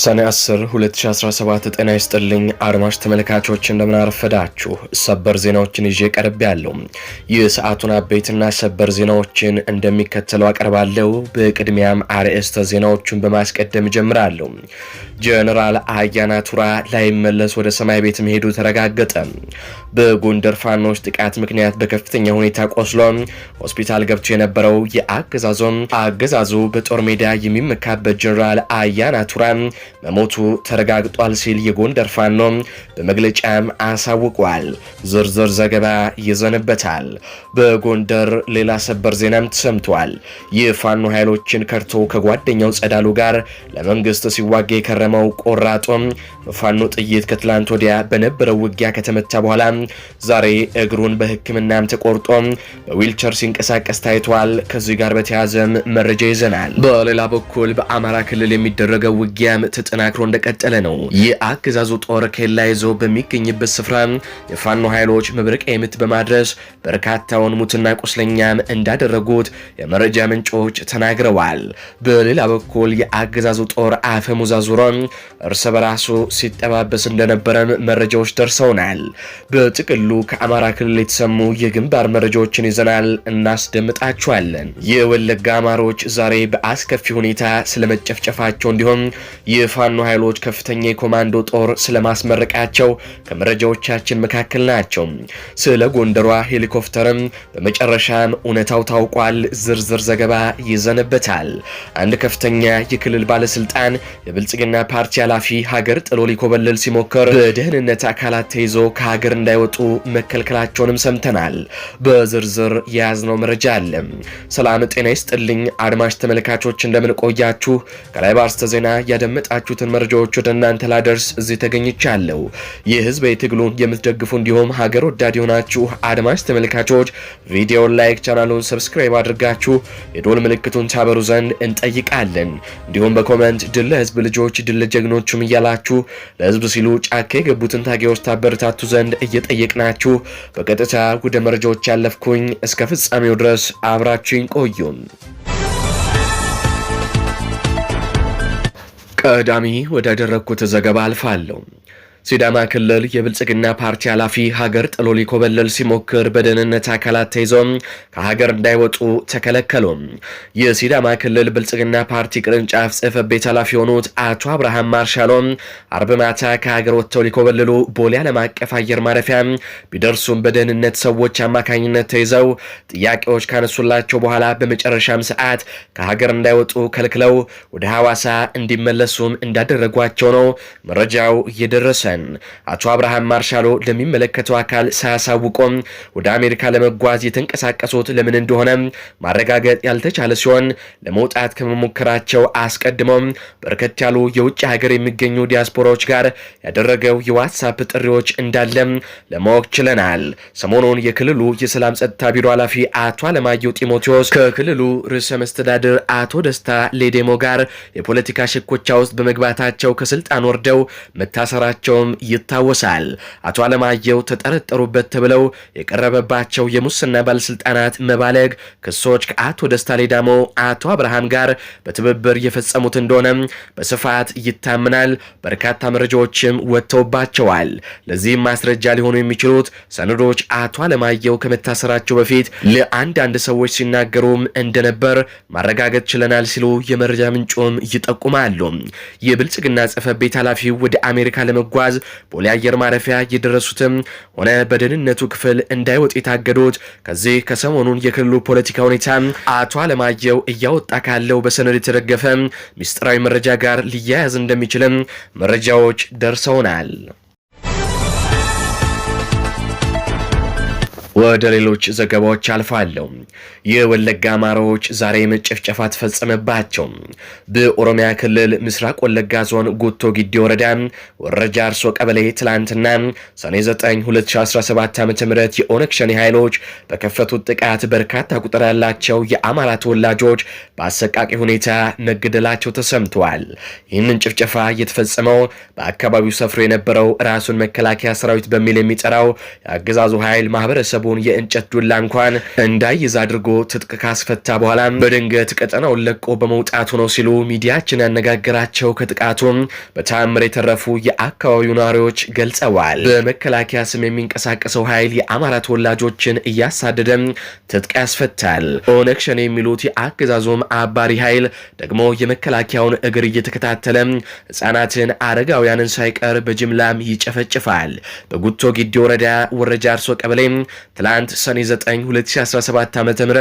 ሰኔ 10 2017 ጤና ይስጥልኝ አድማጭ ተመልካቾች፣ እንደምናረፈዳችሁ ሰበር ዜናዎችን ይዤ ያለው የሰዓቱን አበይትና ሰበር ዜናዎችን እንደሚከተለው አቀርባለሁ። በቅድሚያም አርዕስተ ዜናዎቹን በማስቀደም እጀምራለሁ። ጀነራል አያና ቱራ ላይመለስ ወደ ሰማይ ቤት መሄዱ ተረጋገጠ። በጎንደር ፋኖች ጥቃት ምክንያት በከፍተኛ ሁኔታ ቆስሎ ሆስፒታል ገብቶ የነበረው የአገዛዞ አገዛዙ በጦር ሜዳ የሚመካበት ጀነራል አያና ቱራ መሞቱ ተረጋግጧል ሲል የጎንደር ፋኖ በመግለጫም አሳውቋል። ዝርዝር ዘገባ ይዘንበታል። በጎንደር ሌላ ሰበር ዜናም ተሰምቷል። የፋኖ ኃይሎችን ከርቶ ከጓደኛው ጸዳሉ ጋር ለመንግስት ሲዋጋ የከረመው ቆራጦም በፋኖ ጥይት ከትላንት ወዲያ በነበረው ውጊያ ከተመታ በኋላ ዛሬ እግሩን በሕክምናም ተቆርጦ በዊልቸር ሲንቀሳቀስ ታይቷል። ከዚህ ጋር በተያያዘም መረጃ ይዘናል። በሌላ በኩል በአማራ ክልል የሚደረገው ውጊያም ተጠናክሮ እንደቀጠለ ነው። የአገዛዙ ጦር ኬላ ይዞ በሚገኝበት ስፍራ የፋኖ ኃይሎች መብረቂያ ምት በማድረስ በርካታውን ሙትና ቁስለኛም እንዳደረጉት የመረጃ ምንጮች ተናግረዋል። በሌላ በኩል የአገዛዙ ጦር አፈሙዛ ዙሮን እርስ በራሱ ሲጠባበስ እንደነበረም መረጃዎች ደርሰውናል። በጥቅሉ ከአማራ ክልል የተሰሙ የግንባር መረጃዎችን ይዘናል፣ እናስደምጣችኋለን። የወለጋ አማሮች ዛሬ በአስከፊ ሁኔታ ስለመጨፍጨፋቸው እንዲሁም የፋኖ ኃይሎች ከፍተኛ የኮማንዶ ጦር ስለማስመረቃቸው ከመረጃዎቻችን መካከል ናቸው። ስለ ጎንደሯ ሄሊኮፕተርም በመጨረሻም እውነታው ታውቋል። ዝርዝር ዘገባ ይዘንበታል። አንድ ከፍተኛ የክልል ባለስልጣን የብልጽግና ፓርቲ ኃላፊ ሀገር ጥሎ ሊኮበልል ሲሞክር በደህንነት አካላት ተይዞ ከሀገር እንዳይወጡ መከልከላቸውንም ሰምተናል። በዝርዝር የያዝነው መረጃ አለ። ሰላም ጤና ይስጥልኝ አድማጭ ተመልካቾች እንደምንቆያችሁ ከላይ ባርስተ ዜና ያደመጥ ያመጣችሁትን መረጃዎች ወደ እናንተ ላደርስ እዚህ ተገኝቻለሁ። ይህ ህዝብ የትግሉን የምትደግፉ እንዲሁም ሀገር ወዳድ የሆናችሁ አድማጭ ተመልካቾች ቪዲዮን ላይክ፣ ቻናሉን ሰብስክራይብ አድርጋችሁ የዶል ምልክቱን ታበሩ ዘንድ እንጠይቃለን። እንዲሁም በኮመንት ድል ለህዝብ ልጆች፣ ድል ለጀግኖቹም እያላችሁ ለህዝብ ሲሉ ጫካ የገቡትን ታጋዮች ታበረታቱ ዘንድ እየጠየቅናችሁ በቀጥታ ወደ መረጃዎች ያለፍኩኝ እስከ ፍጻሜው ድረስ አብራችሁኝ ቆዩን። ቀዳሚ ወዳደረግኩት ዘገባ አልፋለሁ። ሲዳማ ክልል የብልጽግና ፓርቲ ኃላፊ ሀገር ጥሎ ሊኮበለል ሲሞክር በደህንነት አካላት ተይዘው ከሀገር እንዳይወጡ ተከለከሉ። የሲዳማ ክልል ብልጽግና ፓርቲ ቅርንጫፍ ጽህፈት ቤት ኃላፊ የሆኑት አቶ አብርሃም ማርሻሎም አርብ ማታ ከሀገር ወጥተው ሊኮበልሉ ቦሌ ዓለም አቀፍ አየር ማረፊያ ቢደርሱም በደህንነት ሰዎች አማካኝነት ተይዘው ጥያቄዎች ካነሱላቸው በኋላ በመጨረሻም ሰዓት ከሀገር እንዳይወጡ ከልክለው ወደ ሐዋሳ እንዲመለሱም እንዳደረጓቸው ነው መረጃው እየደረሰ ጄሰን አቶ አብርሃም ማርሻሎ ለሚመለከተው አካል ሳያሳውቆም ወደ አሜሪካ ለመጓዝ የተንቀሳቀሱት ለምን እንደሆነ ማረጋገጥ ያልተቻለ ሲሆን ለመውጣት ከመሞከራቸው አስቀድመው በርከት ያሉ የውጭ ሀገር የሚገኙ ዲያስፖራዎች ጋር ያደረገው የዋትሳፕ ጥሪዎች እንዳለም ለማወቅ ችለናል። ሰሞኑን የክልሉ የሰላም ጸጥታ ቢሮ ኃላፊ አቶ አለማየሁ ጢሞቴዎስ ከክልሉ ርዕሰ መስተዳድር አቶ ደስታ ሌዴሞ ጋር የፖለቲካ ሽኩቻ ውስጥ በመግባታቸው ከስልጣን ወርደው መታሰራቸው መሆናቸውም ይታወሳል። አቶ አለማየሁ ተጠረጠሩበት ተብለው የቀረበባቸው የሙስና ባለስልጣናት መባለግ ክሶች ከአቶ ደስታ ሌዳሞ አቶ አብርሃም ጋር በትብብር የፈጸሙት እንደሆነ በስፋት ይታምናል። በርካታ መረጃዎችም ወጥተውባቸዋል። ለዚህም ማስረጃ ሊሆኑ የሚችሉት ሰነዶች አቶ አለማየሁ ከመታሰራቸው በፊት ለአንዳንድ ሰዎች ሲናገሩም እንደነበር ማረጋገጥ ችለናል ሲሉ የመረጃ ምንጮም ይጠቁማሉ። የብልጽግና ጽሕፈት ቤት ኃላፊው ወደ አሜሪካ ለመጓዝ ትዕዛዝ ቦሌ አየር ማረፊያ የደረሱትም ሆነ በደህንነቱ ክፍል እንዳይወጡ የታገዱት ከዚህ ከሰሞኑን የክልሉ ፖለቲካ ሁኔታ አቶ አለማየሁ እያወጣ ካለው በሰነድ የተደገፈ ሚስጥራዊ መረጃ ጋር ሊያያዝ እንደሚችልም መረጃዎች ደርሰውናል። ወደ ሌሎች ዘገባዎች አልፋለሁ። የወለጋ አማራዎች ዛሬም ጭፍጨፋ ተፈጸመባቸው። በኦሮሚያ ክልል ምስራቅ ወለጋ ዞን ጉቶ ጊዲ ወረዳ ወረጃ አርሶ ቀበሌ ትላንትና ሰኔ 9 2017 ዓ ም የኦነግ ሸኔ ኃይሎች በከፈቱት ጥቃት በርካታ ቁጥር ያላቸው የአማራ ተወላጆች በአሰቃቂ ሁኔታ መገደላቸው ተሰምተዋል። ይህንን ጭፍጨፋ የተፈጸመው በአካባቢው ሰፍሮ የነበረው ራሱን መከላከያ ሰራዊት በሚል የሚጠራው የአገዛዙ ኃይል ማህበረሰቡ የወገቡን የእንጨት ዱላ እንኳን እንዳይዝ አድርጎ ትጥቅ ካስፈታ በኋላ በድንገት ቀጠናውን ለቆ በመውጣቱ ነው ሲሉ ሚዲያችን ያነጋገራቸው ከጥቃቱም በተአምር የተረፉ የአካባቢው ነዋሪዎች ገልጸዋል። በመከላከያ ስም የሚንቀሳቀሰው ኃይል የአማራ ተወላጆችን እያሳደደ ትጥቅ ያስፈታል። ኦነግ ሸኔ የሚሉት የአገዛዞም አባሪ ኃይል ደግሞ የመከላከያውን እግር እየተከታተለ ህጻናትን፣ አረጋውያንን ሳይቀር በጅምላም ይጨፈጭፋል። በጉቶ ጊዲ ወረዳ ወረጃ አርሶ ቀበሌ ትላንት ሰኔ 9 2017 ዓ ም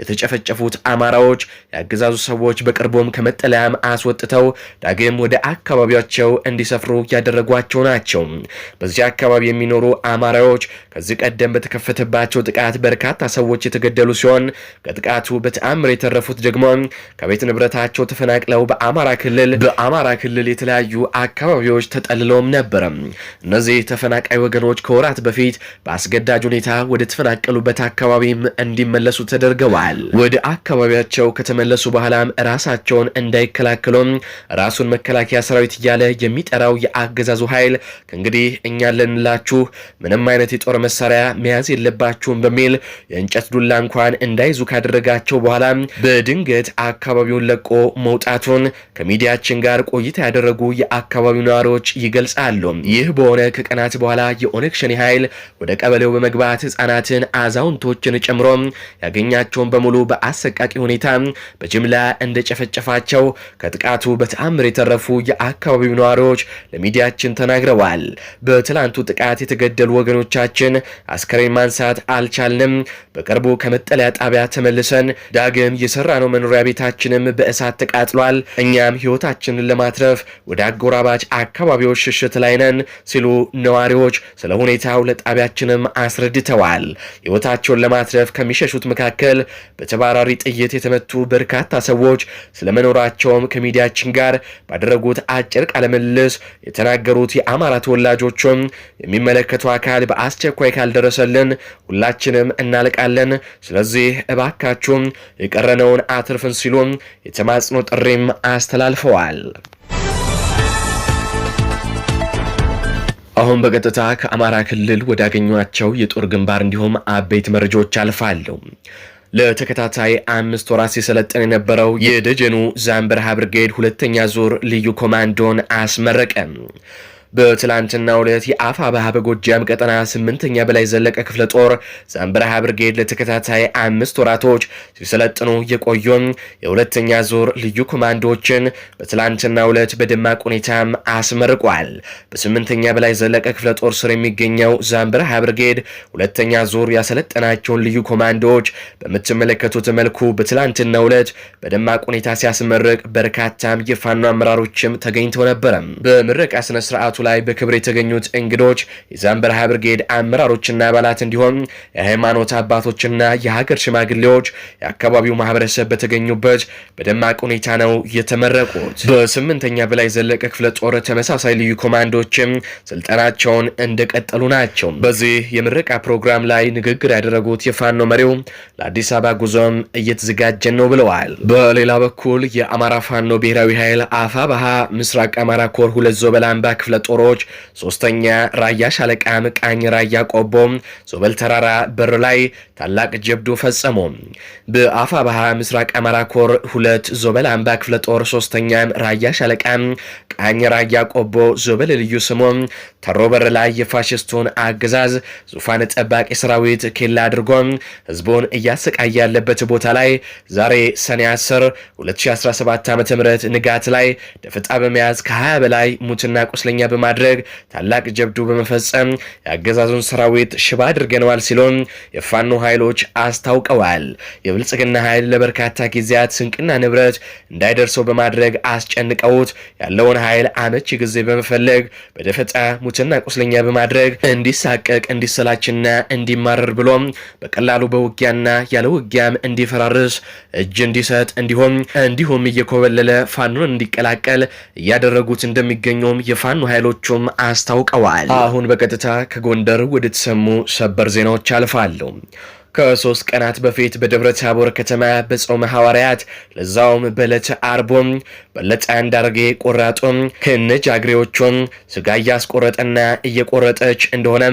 የተጨፈጨፉት አማራዎች የአገዛዙ ሰዎች በቅርቡም ከመጠለያም አስወጥተው ዳግም ወደ አካባቢያቸው እንዲሰፍሩ ያደረጓቸው ናቸው። በዚህ አካባቢ የሚኖሩ አማራዎች ከዚህ ቀደም በተከፈተባቸው ጥቃት በርካታ ሰዎች የተገደሉ ሲሆን ከጥቃቱ በተአምር የተረፉት ደግሞ ከቤት ንብረታቸው ተፈናቅለው በአማራ ክልል በአማራ ክልል የተለያዩ አካባቢዎች ተጠልለውም ነበረ። እነዚህ ተፈናቃይ ወገኖች ከወራት በፊት በአስገዳጅ ሁኔታ ወደ ተፈናቀሉበት አካባቢም እንዲመለሱ ተደርገዋል። ወደ አካባቢያቸው ከተመለሱ በኋላም ራሳቸውን እንዳይከላከሉም ራሱን መከላከያ ሰራዊት እያለ የሚጠራው የአገዛዙ ኃይል ከእንግዲህ እኛ ለንላችሁ ምንም አይነት የጦር መሳሪያ መያዝ የለባችሁም በሚል የእንጨት ዱላ እንኳን እንዳይዙ ካደረጋቸው በኋላ በድንገት አካባቢውን ለቆ መውጣቱን ከሚዲያችን ጋር ቆይታ ያደረጉ የአካባቢው ነዋሪዎች ይገልጻሉ። ይህ በሆነ ከቀናት በኋላ የኦነግ ሸኔ ኃይል ወደ ቀበሌው በመግባት ህጻ ህጻናትን፣ አዛውንቶችን ጨምሮ ያገኛቸውን በሙሉ በአሰቃቂ ሁኔታ በጅምላ እንደጨፈጨፋቸው ከጥቃቱ በተአምር የተረፉ የአካባቢው ነዋሪዎች ለሚዲያችን ተናግረዋል። በትላንቱ ጥቃት የተገደሉ ወገኖቻችን አስከሬን ማንሳት አልቻልንም። በቅርቡ ከመጠለያ ጣቢያ ተመልሰን ዳግም የሰራነው መኖሪያ ቤታችንም በእሳት ተቃጥሏል። እኛም ህይወታችንን ለማትረፍ ወደ አጎራባች አካባቢዎች ሽሽት ላይ ነን ሲሉ ነዋሪዎች ስለ ሁኔታው ለጣቢያችንም አስረድተዋል። ገልጸዋል። ሕይወታቸውን ለማትረፍ ከሚሸሹት መካከል በተባራሪ ጥይት የተመቱ በርካታ ሰዎች ስለመኖራቸውም ከሚዲያችን ጋር ባደረጉት አጭር ቃለምልልስ የተናገሩት የአማራ ተወላጆቹም የሚመለከቱ አካል በአስቸኳይ ካልደረሰልን ሁላችንም እናልቃለን፣ ስለዚህ እባካችሁም የቀረነውን አትርፍን ሲሉ የተማጽኖ ጥሪም አስተላልፈዋል። አሁን በቀጥታ ከአማራ ክልል ወዳገኟቸው የጦር ግንባር እንዲሁም አበይት መረጃዎች አልፋለሁ። ለተከታታይ አምስት ወራት ሲሰለጠን የነበረው የደጀኑ ዛምበረሃ ብርጌድ ሁለተኛ ዙር ልዩ ኮማንዶን አስመረቀ። በትላንትና ዕለት የአፋ ባህ በጎጃም ቀጠና ስምንተኛ በላይ ዘለቀ ክፍለ ጦር ዛምበረሃ ብርጌድ ለተከታታይ አምስት ወራቶች ሲሰለጥኑ የቆዩን የሁለተኛ ዙር ልዩ ኮማንዶዎችን በትላንትና ሁለት በደማቅ ሁኔታም አስመርቋል። በስምንተኛ በላይ ዘለቀ ክፍለ ጦር ስር የሚገኘው ዛምበረሃ ብርጌድ ሁለተኛ ዙር ያሰለጠናቸውን ልዩ ኮማንዶዎች በምትመለከቱት መልኩ በትላንትና ዕለት በደማቅ ሁኔታ ሲያስመርቅ በርካታም የፋኖ አመራሮችም ተገኝተው ነበረ። በምረቃ ስነ ስርዓቱ ላይ በክብር የተገኙት እንግዶች የዛምበረሃ ብርጌድ አመራሮችና አባላት እንዲሆን የሃይማኖት አባቶችና የሀገር ሽማግሌዎች፣ የአካባቢው ማህበረሰብ በተገኙበት በደማቅ ሁኔታ ነው የተመረቁት። በስምንተኛ በላይ ዘለቀ ክፍለ ጦር ተመሳሳይ ልዩ ኮማንዶችም ስልጠናቸውን እንደቀጠሉ ናቸው። በዚህ የምረቃ ፕሮግራም ላይ ንግግር ያደረጉት የፋኖ መሪው ለአዲስ አበባ ጉዞም እየተዘጋጀን ነው ብለዋል። በሌላ በኩል የአማራ ፋኖ ብሔራዊ ኃይል አፋ ባሃ ምስራቅ አማራ ኮር ሁለት ዞበላምባ ክፍለ ጦር ጦሮች ሶስተኛ ራያ ሻለቃ ምቃኝ ራያ ቆቦ ዞበል ተራራ በር ላይ ታላቅ ጀብዱ ፈጸሙ። በአፋ ባሃ ምስራቅ አማራ ኮር ሁለት ዞበል አምባ ክፍለ ጦር ሶስተኛ ራያ ሻለቃ ቃኝ ራያ ቆቦ ዞበል ልዩ ስሙ ተሮ በር ላይ የፋሽስቱን አገዛዝ ዙፋን ጠባቂ ሰራዊት ኬላ አድርጎ ህዝቡን እያሰቃየ ያለበት ቦታ ላይ ዛሬ ሰኔ 10 2017 ዓ.ም ንጋት ላይ ደፈጣ በመያዝ ከ20 በላይ ሙትና ቁስለኛ በማድረግ ታላቅ ጀብዱ በመፈጸም የአገዛዙን ሰራዊት ሽባ አድርገነዋል ሲሉም የፋኖ ኃይሎች አስታውቀዋል። የብልጽግና ኃይል ለበርካታ ጊዜያት ስንቅና ንብረት እንዳይደርሰው በማድረግ አስጨንቀውት ያለውን ኃይል አመቺ ጊዜ በመፈለግ በደፈጣ ሙትና ቁስለኛ በማድረግ እንዲሳቀቅ እንዲሰላችና እንዲማረር ብሎም በቀላሉ በውጊያና ያለ ውጊያም እንዲፈራርስ እጅ እንዲሰጥ እንዲሁም እንዲሁም እየኮበለለ ፋኖን እንዲቀላቀል እያደረጉት እንደሚገኙም የፋኖ ኃይል ኃይሎቹም አስታውቀዋል። አሁን በቀጥታ ከጎንደር ወደ ተሰሙ ሰበር ዜናዎች አልፋለሁ። ከሶስት ቀናት በፊት በደብረ ታቦር ከተማ በጾመ ሐዋርያት ለዛውም በዕለተ አርቦ በለጠ አንዳርጌ ቆራጦ ከነ ጃግሬዎቹም ስጋ እያስቆረጠና እየቆረጠች እንደሆነ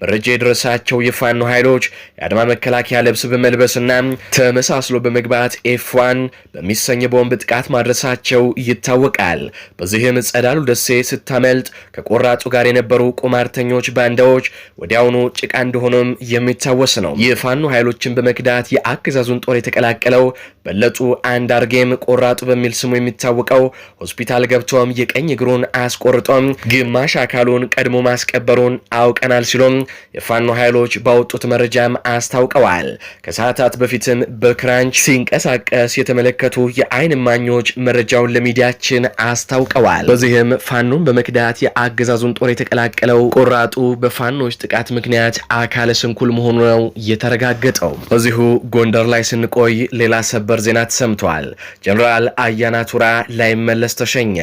መረጃ የደረሳቸው የፋኖ ኃይሎች የአድማ መከላከያ ልብስ በመልበስና ተመሳስሎ በመግባት ኤፍዋን በሚሰኝ ቦምብ ጥቃት ማድረሳቸው ይታወቃል። በዚህም ጸዳሉ ደሴ ስታመልጥ ከቆራጡ ጋር የነበሩ ቁማርተኞች ባንዳዎች ወዲያውኑ ጭቃ እንደሆኑም የሚታወስ ነው። የፋኖ ኃይሎችን በመክዳት የአገዛዙን ጦር የተቀላቀለው በለጡ አንድ አርጌም ቆራጡ በሚል ስሙ የሚታወቀው ሆስፒታል ገብቶም የቀኝ እግሩን አስቆርጦም ግማሽ አካሉን ቀድሞ ማስቀበሩን አውቀናል ሲሎም የፋኖ ኃይሎች ባወጡት መረጃም አስታውቀዋል። ከሰዓታት በፊትም በክራንች ሲንቀሳቀስ የተመለከቱ የአይን ማኞች መረጃውን ለሚዲያችን አስታውቀዋል። በዚህም ፋኖን በመክዳት የአገዛዙን ጦር የተቀላቀለው ቆራጡ በፋኖች ጥቃት ምክንያት አካለ ስንኩል መሆኑ ነው የተረጋገ ያረጋገጠው። በዚሁ ጎንደር ላይ ስንቆይ ሌላ ሰበር ዜና ተሰምቷል። ጀኔራል አያና ቱራ ላይመለስ ተሸኘ።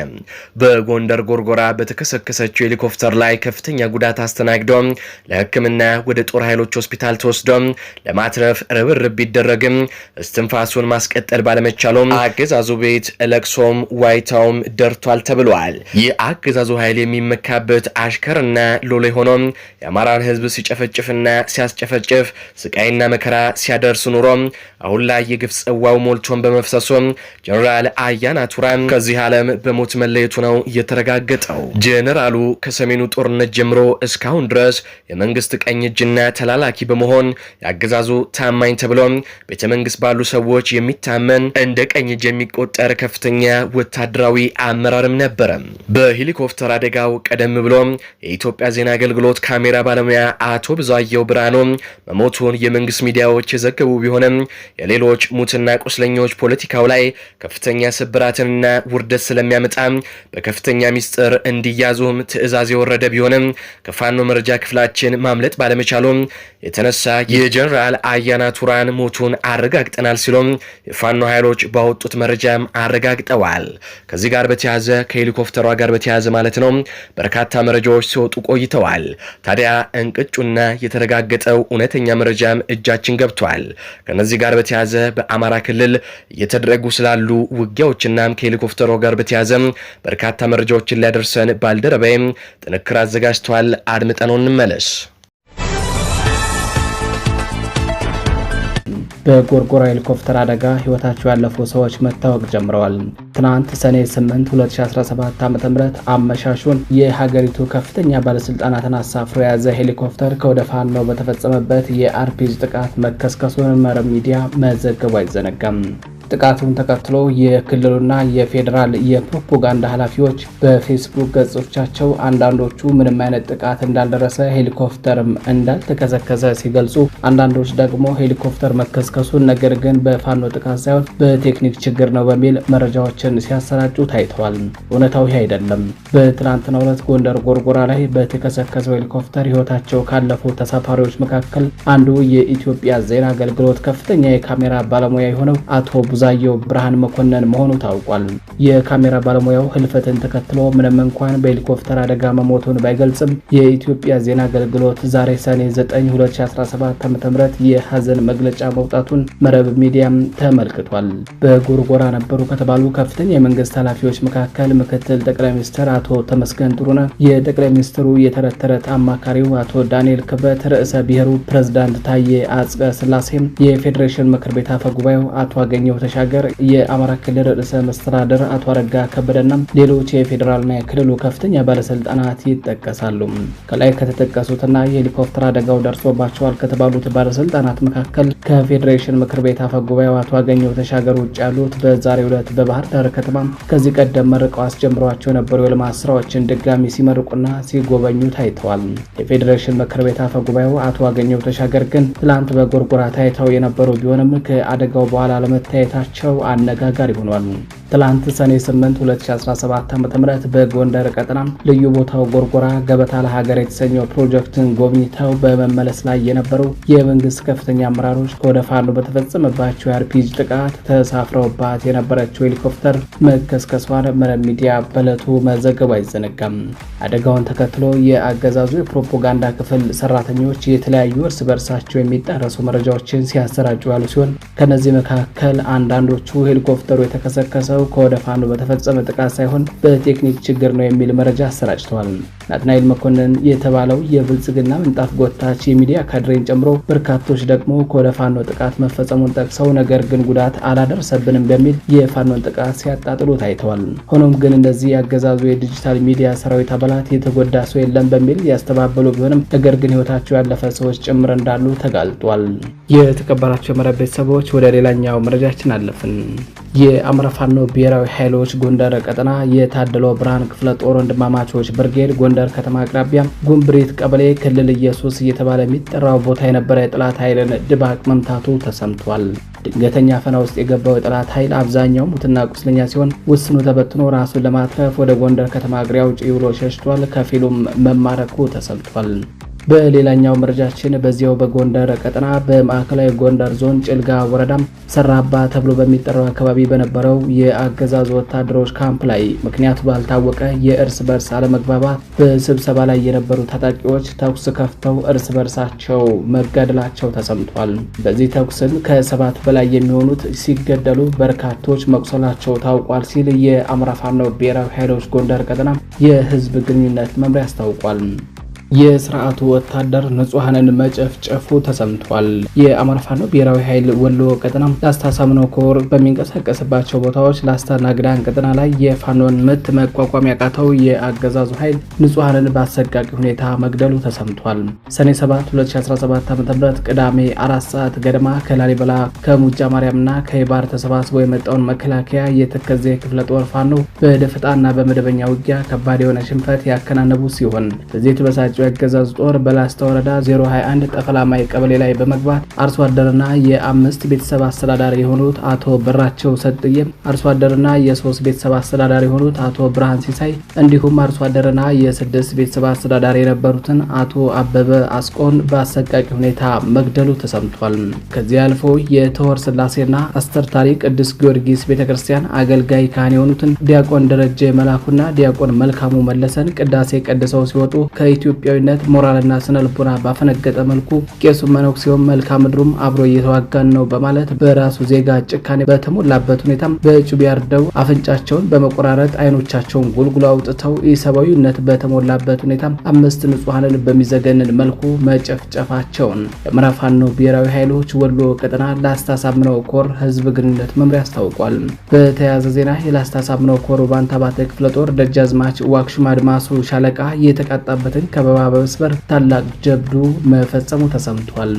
በጎንደር ጎርጎራ በተከሰከሰችው ሄሊኮፕተር ላይ ከፍተኛ ጉዳት አስተናግዶ ለሕክምና ወደ ጦር ኃይሎች ሆስፒታል ተወስዶ ለማትረፍ ርብርብ ቢደረግም እስትንፋሱን ማስቀጠል ባለመቻሉም አገዛዙ ቤት ለቅሶም ዋይታውም ደርቷል ተብሏል። የአገዛዙ ኃይል የሚመካበት አሽከርና ሎሌ ሆኖም የአማራን ህዝብ ሲጨፈጭፍና ሲያስጨፈጭፍ ስቃይና ግፍና መከራ ሲያደርስ ኑሮ አሁን ላይ የግፍ ጽዋው ሞልቶን በመፍሰሱ ጀኔራል አያና ቱራ ከዚህ ዓለም በሞት መለየቱ ነው እየተረጋገጠው። ጀኔራሉ ከሰሜኑ ጦርነት ጀምሮ እስካሁን ድረስ የመንግስት ቀኝ እጅና ተላላኪ በመሆን ያገዛዙ ታማኝ ተብሎ ቤተ መንግስት ባሉ ሰዎች የሚታመን እንደ ቀኝ እጅ የሚቆጠር ከፍተኛ ወታደራዊ አመራርም ነበረ። በሄሊኮፕተር አደጋው ቀደም ብሎ የኢትዮጵያ ዜና አገልግሎት ካሜራ ባለሙያ አቶ ብዙአየው ብርሃኑ መሞቱን የመንግስት ሚዲያዎች የዘገቡ ቢሆንም የሌሎች ሙትና ቁስለኞች ፖለቲካው ላይ ከፍተኛ ስብራትንና ውርደት ስለሚያመጣ በከፍተኛ ሚስጥር እንዲያዙም ትዕዛዝ የወረደ ቢሆንም ከፋኖ መረጃ ክፍላችን ማምለጥ ባለመቻሉም የተነሳ የጀኔራል አያና ቱራን ሞቱን አረጋግጠናል ሲሎም የፋኖ ኃይሎች ባወጡት መረጃም አረጋግጠዋል። ከዚህ ጋር በተያዘ ከሄሊኮፕተሯ ጋር በተያዘ ማለት ነው በርካታ መረጃዎች ሲወጡ ቆይተዋል። ታዲያ እንቅጩና የተረጋገጠው እውነተኛ መረጃም እጃችን ገብቷል። ከነዚህ ጋር በተያዘ በአማራ ክልል እየተደረጉ ስላሉ ውጊያዎችና ከሄሊኮፕተሮ ጋር በተያዘ በርካታ መረጃዎችን ሊያደርሰን ባልደረባይም ጥንክር አዘጋጅተል አድምጠነው እንመለስ። በጎርጎራ ሄሊኮፕተር አደጋ ህይወታቸው ያለፉ ሰዎች መታወቅ ጀምረዋል። ትናንት ሰኔ 8 2017 ዓ ም አመሻሹን የሀገሪቱ ከፍተኛ ባለስልጣናትን አሳፍሮ የያዘ ሄሊኮፕተር ከወደ ፋኖ በተፈጸመበት የአርፒጂ ጥቃት መከስከሱን መረብ ሚዲያ መዘገቡ አይዘነጋም። ጥቃቱን ተከትሎ የክልሉና የፌዴራል የፕሮፓጋንዳ ኃላፊዎች በፌስቡክ ገጾቻቸው አንዳንዶቹ ምንም አይነት ጥቃት እንዳልደረሰ ሄሊኮፕተርም እንዳልተከሰከሰ ሲገልጹ፣ አንዳንዶች ደግሞ ሄሊኮፕተር መከስከሱን ነገር ግን በፋኖ ጥቃት ሳይሆን በቴክኒክ ችግር ነው በሚል መረጃዎችን ሲያሰራጩ ታይተዋል። እውነታው ይህ አይደለም። በትናንትናው ዕለት ጎንደር ጎርጎራ ላይ በተከሰከሰው ሄሊኮፕተር ህይወታቸው ካለፉ ተሳፋሪዎች መካከል አንዱ የኢትዮጵያ ዜና አገልግሎት ከፍተኛ የካሜራ ባለሙያ የሆነው አቶ ቡዛ ዛየው ብርሃን መኮንን መሆኑ ታውቋል። የካሜራ ባለሙያው ህልፈትን ተከትሎ ምንም እንኳን በሄሊኮፕተር አደጋ መሞቱን ባይገልጽም የኢትዮጵያ ዜና አገልግሎት ዛሬ ሰኔ 9 2017 ዓ.ም የሀዘን መግለጫ መውጣቱን መረብ ሚዲያም ተመልክቷል። በጎርጎራ ነበሩ ከተባሉ ከፍተኛ የመንግስት ኃላፊዎች መካከል ምክትል ጠቅላይ ሚኒስትር አቶ ተመስገን ጥሩነህ፣ የጠቅላይ ሚኒስትሩ የተረት ተረት አማካሪው አቶ ዳንኤል ክብረት፣ ርዕሰ ብሔሩ ፕሬዝዳንት ታዬ አጽቀ ስላሴ፣ የፌዴሬሽን ምክር ቤት አፈ ጉባኤው አቶ አገኘው በተሻገር የአማራ ክልል ርዕሰ መስተዳደር አቶ አረጋ ከበደና ሌሎች የፌዴራልና የክልሉ ከፍተኛ ባለስልጣናት ይጠቀሳሉ። ከላይ ከተጠቀሱትና የሄሊኮፕተር አደጋው ደርሶባቸዋል ከተባሉት ባለስልጣናት መካከል ከፌዴሬሽን ምክር ቤት አፈ ጉባኤው አቶ አገኘው ተሻገር ውጭ ያሉት በዛሬው ዕለት በባህር ዳር ከተማ ከዚህ ቀደም መርቀው አስጀምሯቸው የነበሩ የልማት ስራዎችን ድጋሚ ሲመርቁና ሲጎበኙ ታይተዋል። የፌዴሬሽን ምክር ቤት አፈ ጉባኤው አቶ አገኘው ተሻገር ግን ትላንት በጎርጎራ ታይተው የነበሩ ቢሆንም ከአደጋው በኋላ ለመታየት መገኘታቸው አነጋጋሪ ሆኗል። ትላንት ሰኔ 8 2017 ዓ.ም በጎንደር ቀጠና ልዩ ቦታው ጎርጎራ ገበታ ለሀገር የተሰኘው ፕሮጀክትን ጎብኝተው በመመለስ ላይ የነበሩ የመንግስት ከፍተኛ አመራሮች ከወደ ፋኖ በተፈጸመባቸው የአርፒጂ ጥቃት ተሳፍረውባት የነበረችው ሄሊኮፕተር መከስከሷን መረብ ሚዲያ በዕለቱ መዘገቡ አይዘነጋም። አደጋውን ተከትሎ የአገዛዙ የፕሮፓጋንዳ ክፍል ሰራተኞች የተለያዩ እርስ በርሳቸው የሚጣረሱ መረጃዎችን ሲያሰራጩ ያሉ ሲሆን ከነዚህ መካከል አንዳንዶቹ ሄሊኮፕተሩ የተከሰከሰው ከወደ ፋኖ በተፈጸመ ጥቃት ሳይሆን በቴክኒክ ችግር ነው የሚል መረጃ አሰራጭተዋል። ናትናኤል መኮንን የተባለው የብልጽግና ምንጣፍ ጎታች የሚዲያ ካድሬን ጨምሮ በርካቶች ደግሞ ከወደ ፋኖ ጥቃት መፈጸሙን ጠቅሰው ነገር ግን ጉዳት አላደረሰብንም በሚል የፋኖን ጥቃት ሲያጣጥሉ ታይተዋል። ሆኖም ግን እነዚህ ያገዛዙ የዲጂታል ሚዲያ ሰራዊት አባላት የተጎዳ ሰው የለም በሚል ያስተባበሉ ቢሆንም ነገር ግን ህይወታቸው ያለፈ ሰዎች ጭምር እንዳሉ ተጋልጧል። የተከበራቸው የመረብ ቤተሰቦች ወደ ሌላኛው መረጃችን አለፍን። የአማራ ፋኖ ብሔራዊ ኃይሎች ጎንደር ቀጠና የታደለው ብርሃን ክፍለ ጦር ወንድማማቾች ብርጌድ ጎንደር ከተማ አቅራቢያ ጉንብሪት ቀበሌ ክልል ኢየሱስ እየተባለ የሚጠራው ቦታ የነበረ የጠላት ኃይልን ድባቅ መምታቱ ተሰምቷል። ድንገተኛ ፈና ውስጥ የገባው የጠላት ኃይል አብዛኛው ሙትና ቁስለኛ ሲሆን፣ ውስኑ ተበትኖ ራሱን ለማትረፍ ወደ ጎንደር ከተማ አግሪያ ውጭ ውሎ ሸሽቷል። ከፊሉም መማረኩ ተሰምቷል። በሌላኛው መረጃችን በዚያው በጎንደር ቀጠና በማዕከላዊ ጎንደር ዞን ጭልጋ ወረዳም ሰራባ ተብሎ በሚጠራው አካባቢ በነበረው የአገዛዙ ወታደሮች ካምፕ ላይ ምክንያቱ ባልታወቀ የእርስ በርስ አለመግባባት በስብሰባ ላይ የነበሩ ታጣቂዎች ተኩስ ከፍተው እርስ በርሳቸው መገደላቸው ተሰምቷል። በዚህ ተኩስም ከሰባት በላይ የሚሆኑት ሲገደሉ በርካቶች መቁሰላቸው ታውቋል ሲል የአማራ ፋኖ ብሔራዊ ኃይሎች ጎንደር ቀጠና የህዝብ ግንኙነት መምሪያ አስታውቋል። የስርዓቱ ወታደር ንጹሐንን መጨፍጨፉ ተሰምቷል። የአማራ ፋኖ ብሔራዊ ኃይል ወሎ ቀጠና ላስታ ሳምኖ ኮር በሚንቀሳቀስባቸው ቦታዎች ላስታና ግዳን ቀጠና ላይ የፋኖን ምት መቋቋም ያቃተው የአገዛዙ ኃይል ንጹሐንን በአሰቃቂ ሁኔታ መግደሉ ተሰምቷል። ሰኔ 7 2017 ዓ ም ቅዳሜ አራት ሰዓት ገደማ ከላሊበላ ከሙጃ ማርያምና ከይባር ተሰባስቦ የመጣውን መከላከያ የተከዜ ክፍለ ጦር ፋኖ በደፈጣና በመደበኛ ውጊያ ከባድ የሆነ ሽንፈት ያከናነቡ ሲሆን በዚህ ተበሳጭ የአገዛዝ ጦር በላስታ ወረዳ 021 ጠፈላማይ ቀበሌ ላይ በመግባት አርሶ አደርና የአምስት ቤተሰብ አስተዳዳሪ የሆኑት አቶ ብራቸው ሰጥዬ፣ አርሶ አደርና የሶስት ቤተሰብ አስተዳዳሪ የሆኑት አቶ ብርሃን ሲሳይ እንዲሁም አርሶ አደርና የስድስት ቤተሰብ አስተዳዳሪ የነበሩትን አቶ አበበ አስቆን በአሰቃቂ ሁኔታ መግደሉ ተሰምቷል። ከዚህ አልፎ የተወር ስላሴና አስተርታሪ ቅዱስ ጊዮርጊስ ቤተክርስቲያን አገልጋይ ካህን የሆኑትን ዲያቆን ደረጀ መላኩና ዲያቆን መልካሙ መለሰን ቅዳሴ ቀድሰው ሲወጡ ከኢትዮ ኢትዮጵያዊነት ሞራልና ስነ ልቦና ባፈነገጠ መልኩ ቄሱም መነኩሴውም መልካ ምድሩም አብሮ እየተዋጋን ነው በማለት በራሱ ዜጋ ጭካኔ በተሞላበት ሁኔታ በጩቤ አርደው አፍንጫቸውን በመቆራረጥ አይኖቻቸውን ጉልጉሎ አውጥተው ኢሰብአዊነት በተሞላበት ሁኔታ አምስት ንጹሐንን በሚዘገንን መልኩ መጨፍጨፋቸውን የአማራ ፋኖ ብሔራዊ ኃይሎች ወሎ ቀጠና ላስታ ሳምነው ኮር ህዝብ ግንኙነት መምሪያ አስታውቋል። በተያያዘ ዜና የላስታ ሳምነው ኮር ባንታባተ ክፍለ ጦር ደጃዝማች ዋክሹም አድማሱ ሻለቃ የተቃጣበትን ከበባ አበባ በመስበር ታላቅ ጀብዱ መፈጸሙ ተሰምቷል።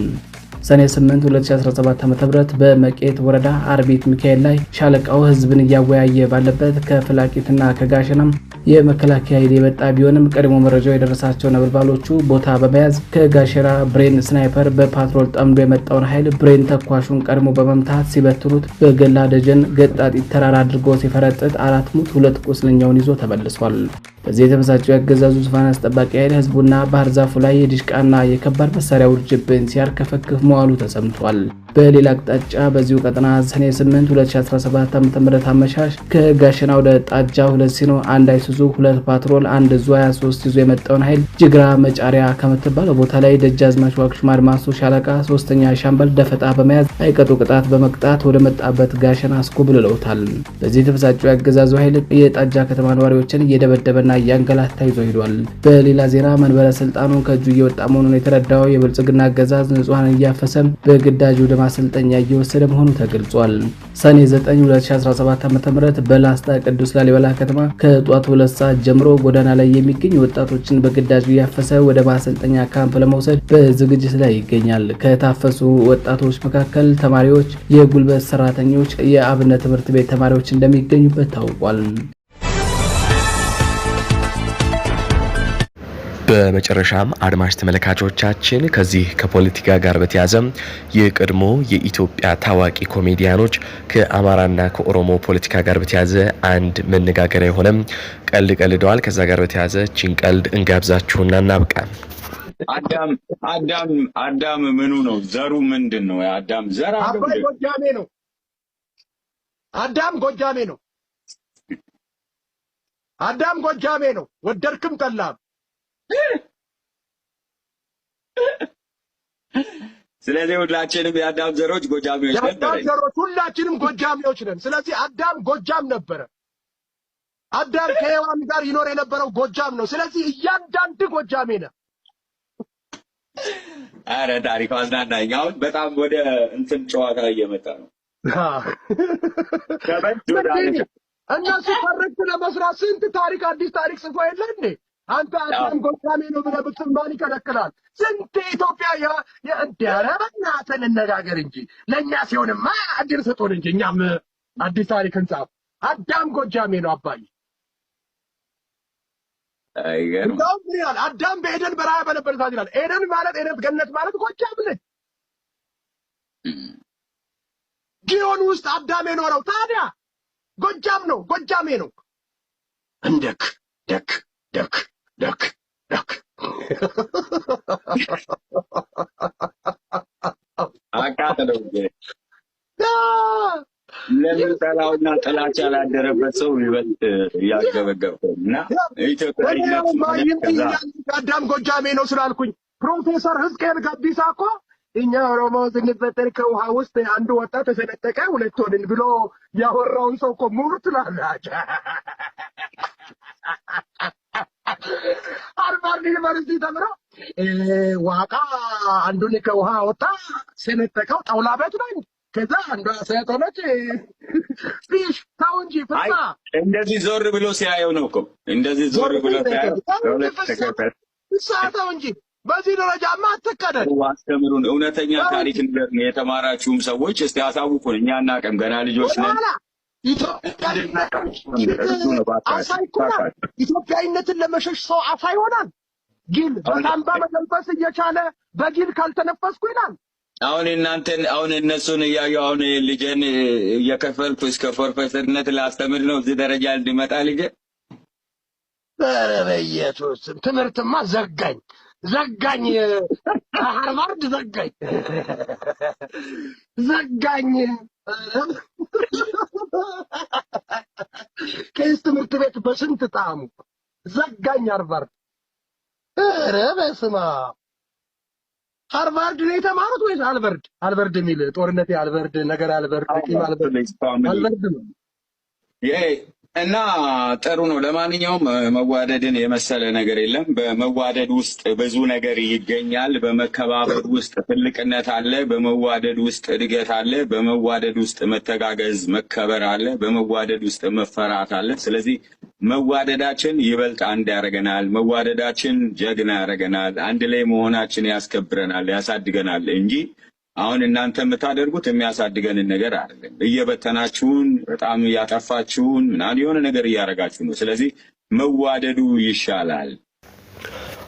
ሰኔ 8 2017 ዓ.ም በመቄት ወረዳ አርቢት ሚካኤል ላይ ሻለቃው ህዝብን እያወያየ ባለበት ከፍላቂትና ከጋሸናም የመከላከያ ኃይል የመጣ ቢሆንም ቀድሞ መረጃው የደረሳቸው ነበልባሎቹ ቦታ በመያዝ ከጋሸና ብሬን ስናይፐር በፓትሮል ጠምዶ የመጣውን ኃይል ብሬን ተኳሹን ቀድሞ በመምታት ሲበትኑት በገላ ደጀን ገጣጢት ተራራ አድርጎ ሲፈረጥጥ አራት ሙት ሁለት ቁስለኛውን ይዞ ተመልሷል። በዚህ የተበሳጨው ያገዛዙ ዙፋን አስጠባቂ ኃይል ህዝቡና ባህር ዛፉ ላይ የድሽቃና የከባድ መሳሪያ ውርጅብን ሲያርከፈክፍ መዋሉ ተሰምቷል። በሌላ አቅጣጫ በዚሁ ቀጠና ሰኔ 8 2017 ዓ.ም አመሻሽ ከጋሸና ወደ ጣጃ ሁለት ሲኖ አንድ አይሱዙ ሁለት ፓትሮል አንድ ዙ 23 ይዞ የመጣውን ኃይል ጅግራ መጫሪያ ከምትባለው ቦታ ላይ ደጃዝማች ዋቅሹም አድማሶ ሻለቃ ሶስተኛ ሻምበል ደፈጣ በመያዝ አይቀጡ ቅጣት በመቅጣት ወደ መጣበት ጋሸና አስኮብልለውታል። በዚህ የተበሳጨው ያገዛዙ ኃይል የጣጃ ከተማ ነዋሪዎችን እየደበደበና እያንገላታ ይዞ ሂዷል። በሌላ ዜና መንበረ ስልጣኑ ከእጁ እየወጣ መሆኑን የተረዳው የብልጽግና አገዛዝ ንጹሐን እያፈሰ በግዳጅ ወደ ማሰልጠኛ እየወሰደ መሆኑ ተገልጿል። ሰኔ 9 2017 ዓ.ም በላስታ ቅዱስ ላሊበላ ከተማ ከጧት ሁለት ሰዓት ጀምሮ ጎዳና ላይ የሚገኝ ወጣቶችን በግዳጅ እያፈሰ ወደ ማሰልጠኛ ካምፕ ለመውሰድ በዝግጅት ላይ ይገኛል። ከታፈሱ ወጣቶች መካከል ተማሪዎች፣ የጉልበት ሰራተኞች፣ የአብነት ትምህርት ቤት ተማሪዎች እንደሚገኙበት ታውቋል። በመጨረሻም አድማጭ ተመልካቾቻችን ከዚህ ከፖለቲካ ጋር በተያዘ የቀድሞ የኢትዮጵያ ታዋቂ ኮሜዲያኖች ከአማራና ከኦሮሞ ፖለቲካ ጋር በተያዘ አንድ መነጋገሪያ የሆነ ቀልድ ቀልደዋል። ከዛ ጋር በተያዘ ችን ቀልድ እንጋብዛችሁና እናብቃ። አዳም አዳም አዳም ምኑ ነው ዘሩ ምንድን ነው? አዳም ዘር አባይ ጎጃሜ ነው። አዳም ጎጃሜ ነው። አዳም ጎጃሜ ነው። ወደድክም ጠላም ስለዚህ ሁላችንም የአዳም ዘሮች ጎጃሚዎች ነን። የአዳም ዘሮች ሁላችንም ጎጃሚዎች ነን። ስለዚህ አዳም ጎጃም ነበረ። አዳም ከሔዋን ጋር ይኖር የነበረው ጎጃም ነው። ስለዚህ እያንዳንድ ጎጃሜ ነ። አረ ታሪኩ አዝናናኝ። አሁን በጣም ወደ እንትን ጨዋታ እየመጣ ነው። እነሱ ታሪክ ለመስራት ስንት ታሪክ አዲስ ታሪክ ጽፎ የለ እንዴ? አንተ አዳም ጎሳሜ ነው ብለህ ብትል ማን ይከለክላል? ስንት ኢትዮጵያ የእንዲያረ በእናትህ እንነጋገር እንጂ ለእኛ ሲሆንማ አዲር ስጡን እንጂ እኛም አዲስ ታሪክ እንጻፍ። አዳም ጎጃሜ ነው አባይ እንደውም ምን ይላል? አዳም በኤደን በረሃ በነበረ ሰዓት ይላል። ኤደን ማለት ኤደን ገነት ማለት ጎጃም ነች። ጊዮን ውስጥ አዳም የኖረው ታዲያ ጎጃም ነው፣ ጎጃሜ ነው። እንደክ ደክ ደክ 楽、楽。አቃጠለው። ለምን ጠላውና ጥላቻ ሰው ይበልጥ ጎጃሜ ነው ስላልኩኝ ፕሮፌሰር ህዝቅኤል ጋቢሳ እኮ እኛ ኦሮሞ ስንፈጠር ከውሃ ውስጥ አንዱ ወጣት ተሰነጠቀ ሁለት ሆንን ብሎ ያወራውን ሰው እኮ ሃርቫርድ ዩኒቨርሲቲ ተምራ ዋቃ አንዱን ከውሃ ወጣ ሰነጠቀው ጣውላ ቤት ነው። ከዛ አንዷ ሴት ሆነች። ፊሽ ተው እንጂ ፍሳ። እንደዚህ ዞር ብሎ ሲያየው ነው እኮ እንደዚህ ዞር ብሎ ሲያየው ፍሳ ተው እንጂ በዚህ ደረጃማ አትቀደድ። አስተምሩን፣ እውነተኛ ታሪክ ንገሩን። የተማራችሁም ሰዎች እስቲ አሳውቁን፣ እኛ እናቀም ገና ልጆች ነን። ኢትዮጵያዊነትን ለመሸሽ ሰው አሳ ይሆናል። ግን በሳምባ መተንፈስ እየቻለ በግል ካልተነፈስኩ ይላል። አሁን እናንተን አሁን እነሱን እያዩ አሁን ልጄን እየከፈልኩ እስከ ፕሮፌሰርነት ላስተምር ነው እዚህ ደረጃ እንዲመጣ ልጄ። ኧረ ትምህርትማ ዘጋኝ ዘጋኝ፣ ሃርቫርድ ዘጋኝ ዘጋኝ ትምህርት ቤት በሽንት ጣሙ ዘጋኝ። ሃርቫርድ ኧረ በስመ አብ ሃርቫርድ ነው የተማሩት ወይስ አልበርድ? አልበርድ የሚል ጦርነት፣ አልበርድ ነገር፣ አልበርድ ቂም፣ አልበርድ አልበርድ ነው እና ጥሩ ነው። ለማንኛውም መዋደድን የመሰለ ነገር የለም። በመዋደድ ውስጥ ብዙ ነገር ይገኛል። በመከባበር ውስጥ ትልቅነት አለ። በመዋደድ ውስጥ እድገት አለ። በመዋደድ ውስጥ መተጋገዝ፣ መከበር አለ። በመዋደድ ውስጥ መፈራት አለ። ስለዚህ መዋደዳችን ይበልጥ አንድ ያደርገናል። መዋደዳችን ጀግና ያደርገናል። አንድ ላይ መሆናችን ያስከብረናል፣ ያሳድገናል እንጂ አሁን እናንተ የምታደርጉት የሚያሳድገንን ነገር አይደለም። እየበተናችሁን በጣም እያጠፋችሁን ምናምን የሆነ ነገር እያደረጋችሁ ነው። ስለዚህ መዋደዱ ይሻላል።